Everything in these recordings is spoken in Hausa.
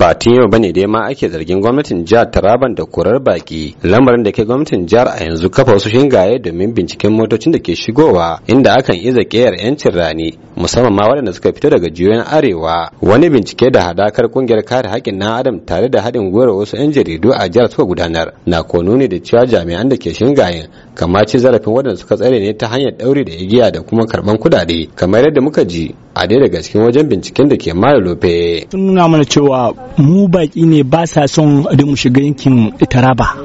ba tun yau bane da ma ake zargin gwamnatin jihar Taraban da korar baki lamarin da ke gwamnatin jihar a yanzu kafa wasu shingaye domin binciken motocin da ke shigowa inda akan iza keyar yancin rani musamman ma waɗanda suka fito daga jiyoyin arewa wani bincike da hadakar kungiyar kare haƙƙin na adam tare da haɗin gwiwar wasu 'yan jaridu a jihar suka gudanar na ko nuni da cewa jami'an da ke shingayen kama ci zarafin waɗanda suka tsare ne ta hanyar ɗauri da igiya da kuma karɓan kuɗaɗe kamar yadda muka ji a daya daga cikin wajen binciken da ke mara lofe. sun nuna mana cewa mu baƙi ne ba sa son da mu shiga yankin taraba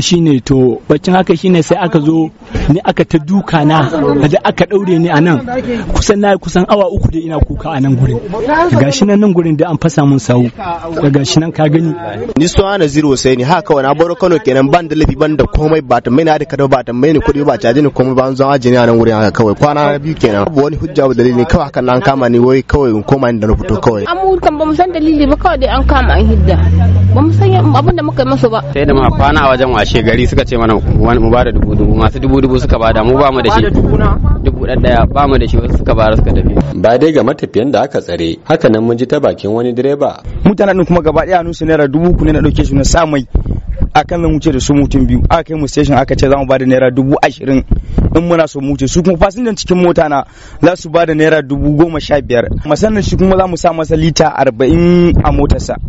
shine to bacin haka shine sai aka zo ni aka ta duka na da aka daure ni a nan kusan na kusan awa uku da ina kuka a nan gurin ga shi nan gurin da an fasa mun sawu ga shi nan ka gani ni so ana zero sai ni haka wani abaro Kano kenan ban da lafi ban da komai ba ta maina da kada ba ta maina kuɗi ba caji ni komai ba an zama jini a nan gurin haka kawai kwana biyu kenan wani hujja ba dalili kawai haka an kama ni wai kawai in koma ni da na fito kawai an mu ba mu san dalili ba kawai dai an kama an hidda ba mu san abin da muka yi musu ba sai da muka kwana a wajen washe gari suka ce mana mu ba da dubu dubu masu dubu dubu suka bada mu ba mu da shi dubu ɗaya ba mu da shi wasu suka bara suka tafi ba dai ga matafiyan da aka tsare haka nan mun ji ta bakin wani direba mutanen kuma gaba ɗaya nusu naira dubu ku ne na ɗauke su na sa mai akan zan wuce da su mutum biyu aka kai mu station aka ce za mu ba da naira dubu ashirin in muna so mu wuce su kuma fasinjan cikin mota na za su ba da naira dubu goma sha biyar masannin shi kuma za mu sa masa lita arba'in a motarsa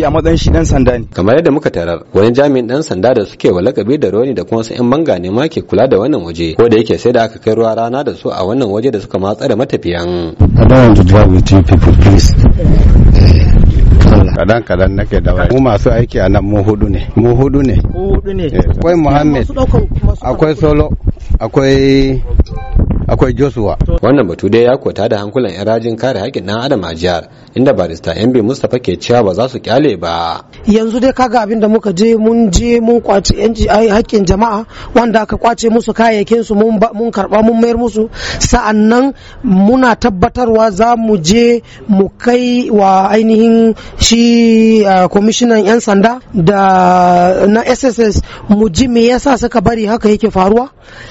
a matsayin shi dan sanda ne kamar yadda muka tarar wani jami'in dan sanda da suke wa lakabi da roni da kuma su yan manga ne ma ke kula da wannan waje ko da yake sai da aka kai ruwa rana da su a wannan waje da suka matsa da matafiyan eh, kadan kadan nake da waya mu masu aiki a nan mu hudu ne mu hudu ne hudu ne eh, akwai muhammed akwai solo akwai akwai joshua wannan batu dai ya kwata da hankulan yan rajin kare haƙƙin ɗan adam a jihar inda barista mb mustapha ke cewa ba za su kyale ba yanzu dai kaga abin da muka je mun je mun kwaci NGI haƙƙin jama'a wanda aka kwace musu kayayyakin su mun karba mun mayar musu sa'annan muna tabbatarwa za mu je mu kai wa ainihin shi kwamishinan yan sanda da na sss mu ji me yasa suka bari haka yake faruwa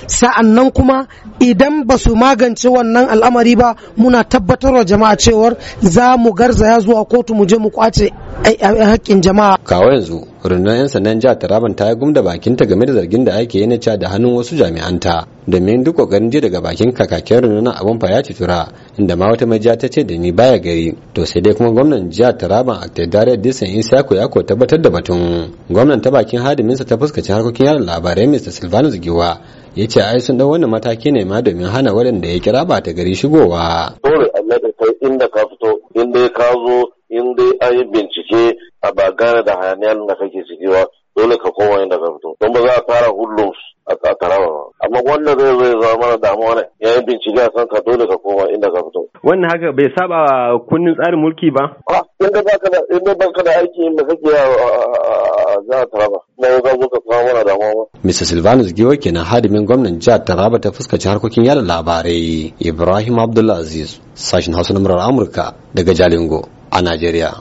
sa'annan kuma idan ba su magance wannan al'amari ba muna tabbatar wa jama'a cewar za mu garzaya zuwa kotu mu je mu kwace eh, eh, haƙƙin jama'a kawai yanzu rundunar 'yan sandan jihar taraban ta gumda bakinta game da zargin da ake yi na ca da hannun wasu jami'an ta domin duk kokarin je daga bakin kakakin rundunar abun fa ya ci tura inda ma wata majiya ta ce da ni baya gari to sai dai kuma gwamnan jihar taraban a aktadare disan isaku ya ko tabbatar da batun gwamnan ta bakin sa ta fuskaci harkokin yaran labarai mr silvanus giwa ya ce ai sun dau wannan mataki ne ma domin hana wadanda ya kira ba ta gari shigowa. Dole Allah da kai inda ka fito inda ka zo dai an yi bincike a ba gane da hayaniyar da kake ciki ba dole ka koma inda ka fito don ba za a fara hullum a taraba ba amma wanda zai zai zama mana damuwa ne yi bincike a san ka dole ka koma inda ka fito wannan haka bai saba kunnin tsarin mulki ba inda ba da da aiki inda kake a tara taraba na yau Mr. Silvanus Giwa kenan hadimin gwamnan jihar Taraba ta fuskaci harkokin yada labarai Ibrahim Abdulaziz Sashen Hausa na Amurka daga Jalingo a Najeriya.